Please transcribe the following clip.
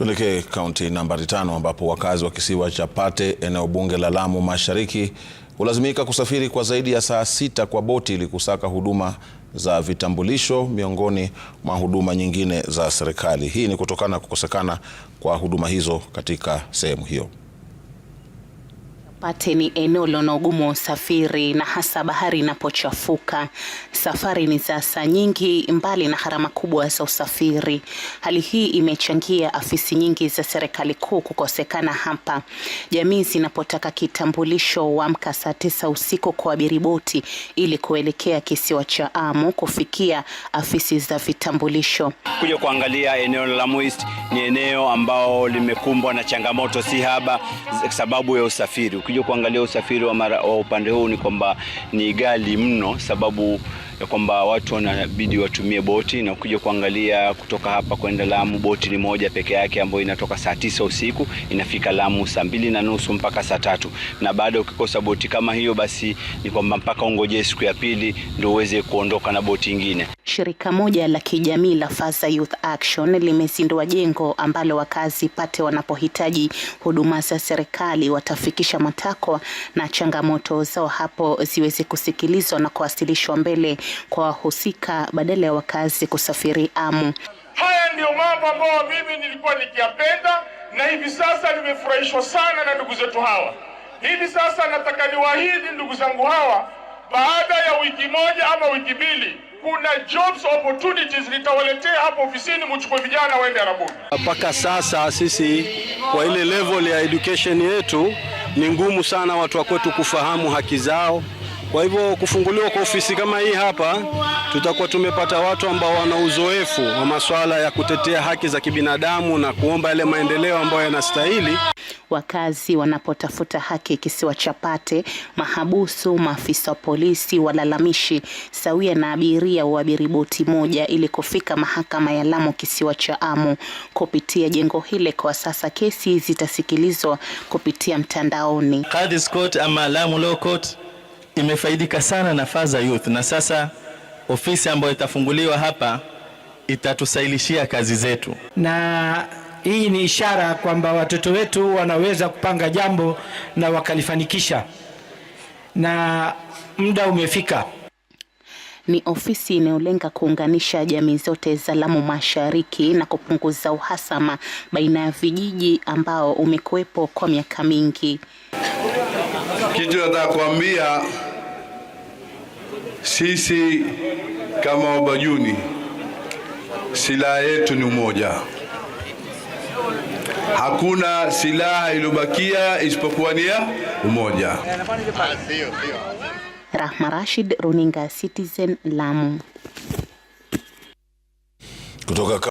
Tuelekee kaunti nambari tano ambapo wakazi wa kisiwa cha Pate eneo bunge la Lamu Mashariki hulazimika kusafiri kwa zaidi ya saa sita kwa boti ili kusaka huduma za vitambulisho miongoni mwa huduma nyingine za serikali. Hii ni kutokana na kukosekana kwa huduma hizo katika sehemu hiyo. Pate ni eneo lina ugumu wa usafiri na hasa bahari inapochafuka. Safari ni za saa nyingi, mbali na gharama kubwa za usafiri. Hali hii imechangia afisi nyingi za serikali kuu kukosekana hapa. Jamii zinapotaka kitambulisho huamka saa tisa usiku kuabiri boti ili kuelekea kisiwa cha Amu kufikia afisi za vitambulisho. Kuja kuangalia eneo la ni eneo ambao limekumbwa na changamoto si haba sababu ya usafiri kuja kuangalia usafiri wa, mara, wa upande huu ni kwamba ni gali mno sababu ya kwamba watu wanabidi watumie boti, na ukija kuangalia kutoka hapa kwenda Lamu, boti ni moja peke yake ambayo inatoka saa tisa usiku inafika Lamu saa mbili na nusu mpaka saa tatu na baada ukikosa boti kama hiyo, basi ni kwamba mpaka ungojee siku ya pili ndio uweze kuondoka na boti ingine. Shirika moja la kijamii la Faza Youth Action limezindua jengo ambalo wakazi pate wanapohitaji huduma za serikali watafikisha matakwa na changamoto zao hapo ziweze kusikilizwa na kuwasilishwa mbele kwa wahusika badala ya wakazi kusafiri Amu. Haya ndiyo mambo ambayo mimi nilikuwa nikiyapenda na hivi sasa nimefurahishwa sana na ndugu zetu hawa. Hivi sasa nataka niwaahidi ndugu zangu hawa, baada ya wiki moja ama wiki mbili kuna jobs opportunities nitawaletea hapo ofisini, mchukue vijana waende Arabuni. Mpaka sasa sisi kwa ile level ya education yetu ni ngumu sana watu wa kwetu kufahamu haki zao. Kwa hivyo kufunguliwa kwa ofisi kama hii hapa, tutakuwa tumepata watu ambao wana uzoefu wa masuala ya kutetea haki za kibinadamu na kuomba yale maendeleo ambayo yanastahili. Wakazi wanapotafuta haki kisiwa cha Pate, mahabusu, maafisa wa polisi, walalamishi sawia na abiria huabiri boti moja ili kufika mahakama ya Lamu kisiwa cha Amu kupitia jengo hile. Kwa sasa kesi zitasikilizwa kupitia mtandaoni. Kadhi Scott ama Lamu Law Court imefaidika sana na Faza Youth, na sasa ofisi ambayo itafunguliwa hapa itatusailishia kazi zetu, na hii ni ishara kwamba watoto wetu wanaweza kupanga jambo na wakalifanikisha, na muda umefika ni ofisi inayolenga kuunganisha jamii zote za Lamu Mashariki na kupunguza uhasama baina ya vijiji ambao umekuwepo kwa miaka mingi. Kitu nataka kuambia sisi kama Wabajuni, silaha yetu ni umoja. Hakuna silaha iliyobakia isipokuwa ni ya umoja. Ah, Rahma Rashid, runinga Citizen Lamu. Kutoka